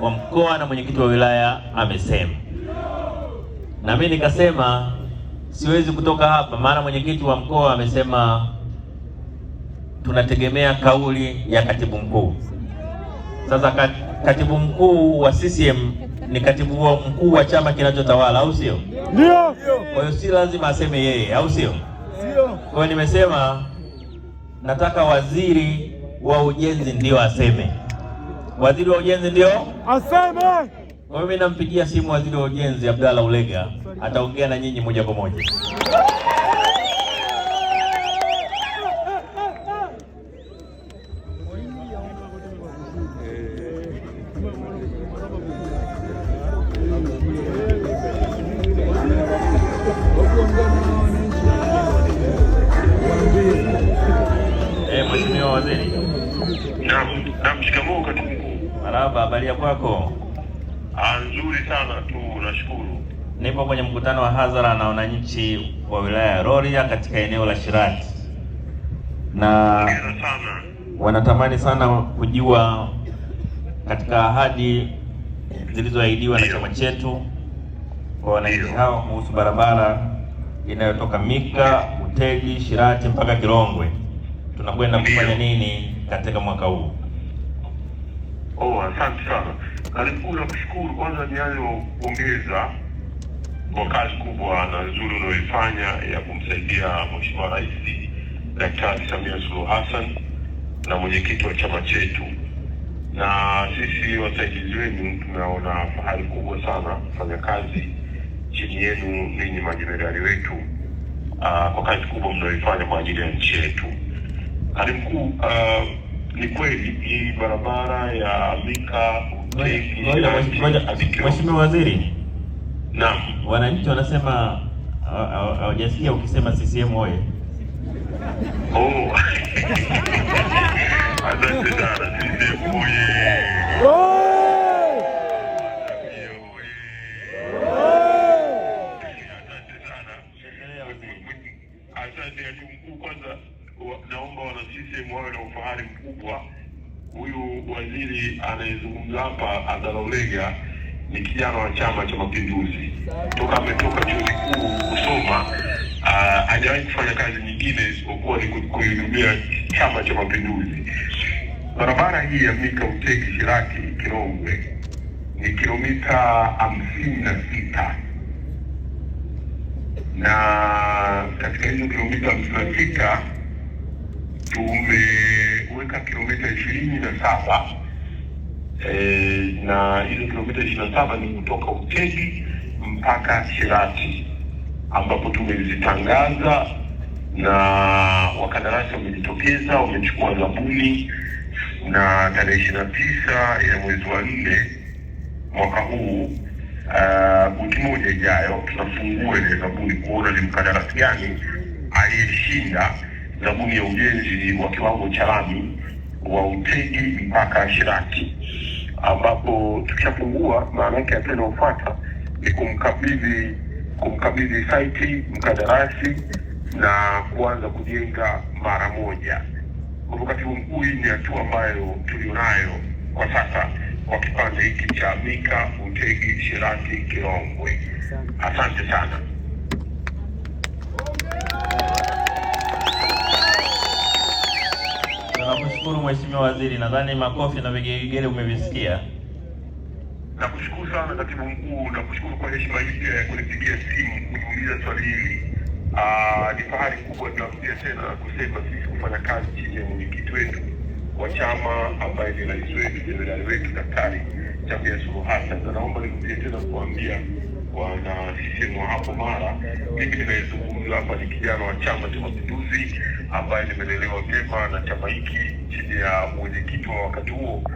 wa mkoa na mwenyekiti wa wilaya amesema, na mimi nikasema siwezi kutoka hapa, maana mwenyekiti wa mkoa amesema tunategemea kauli ya katibu mkuu. Sasa katibu mkuu wa CCM ni katibu wa mkuu wa chama kinachotawala, au sio? Ndio. Kwa hiyo si lazima aseme yeye, au sio? Kwa hiyo nimesema nataka waziri wa ujenzi ndio aseme. Waziri wa ujenzi ndio aseme. Kwa mimi nampigia simu waziri wa ujenzi Abdalla Ulega, ataongea na nyinyi moja kwa moja. baba, habari ya kwako? Ah, nzuri sana tu, nashukuru. Nipo kwenye mkutano wa hadhara na wananchi wa wilaya ya Rorya katika eneo la Shirati na sana. Wanatamani sana kujua katika ahadi zilizoahidiwa na chama chetu kwa wananchi hao kuhusu barabara inayotoka Mika, Utegi, Shirati mpaka Kirongwe tunakwenda kufanya nini katika mwaka huu? Oh, asante sana. Karibu na kushukuru kwanza, ninayopongeza kwa kazi kubwa na nzuri unayoifanya ya kumsaidia Mheshimiwa Rais Daktari Samia Suluhu Hassan na mwenyekiti wa chama chetu, na sisi wasaidizi wenu tunaona fahari kubwa sana kufanya kazi chini yenu ninyi majenerali wetu, uh, kwa kazi kubwa mnayoifanya kwa ajili ya nchi yetu. Karibu uh, ni kweli hii barabara ya Mika Mheshimiwa Waziri, naam, wananchi wanasema hawajasikia ukisema CCM oh. oye. asante kwanza naomba wana CCM wawe na ufahari mkubwa. Huyu waziri anayezungumza hapa Adalaulega ni kijana wa Chama cha Mapinduzi, toka ametoka chuo kikuu kusoma hajawahi kufanya kazi nyingine isipokuwa ni kuhudumia Chama cha Mapinduzi. Barabara hii ya Mika Uteki Shiraki Kirongwe ni kilomita hamsini na sita na katika hizo kilomita hamsini na sita tumeweka kilomita ishirini na saba e, na hizo kilomita ishirini na saba ni kutoka Utegi mpaka Shirati ambapo tumezitangaza na wakandarasi wamejitokeza wamechukua zabuni, na tarehe ishirini na tisa ya mwezi wa nne mwaka huu e, wiki uh, moja ijayo tunafungua ile zabuni kuona ni mkandarasi gani aliyeshinda zabuni ya ujenzi wa kiwango cha lami wa Utegi mpaka Shirati, ambapo tukishapungua maana yake hatua inayofuata ni kumkabidhi kumkabidhi saiti mkandarasi na kuanza kujenga mara moja. Kwa katibu mkuu, hii ni hatua ambayo tulionayo kwa sasa kwa kipande hiki cha Mika Utegi Shirati Kirongwe. Asante sana. kushukuru Mheshimiwa Waziri, nadhani makofi na vigelegele umevisikia. Nakushukuru sana Katibu Mkuu, nakushukuru kwa heshima hii pia ya kunipigia simu kuniuliza swali hili. Ah, ni fahari kubwa tunarudia tena kusema sisi kufanya kazi chini ya mwenyekiti wetu wa chama ambaye ni rais wetu, jenerali wetu Daktari Samia Suluhu Hassan, na naomba nirudie tena kuambia wanasemwa hapo Mara. Mimi nimezungumza hapa ni kijana wa Chama cha Mapinduzi ambaye nimelelewa vyema na chama hiki chini ya mwenyekiti wa wakati huo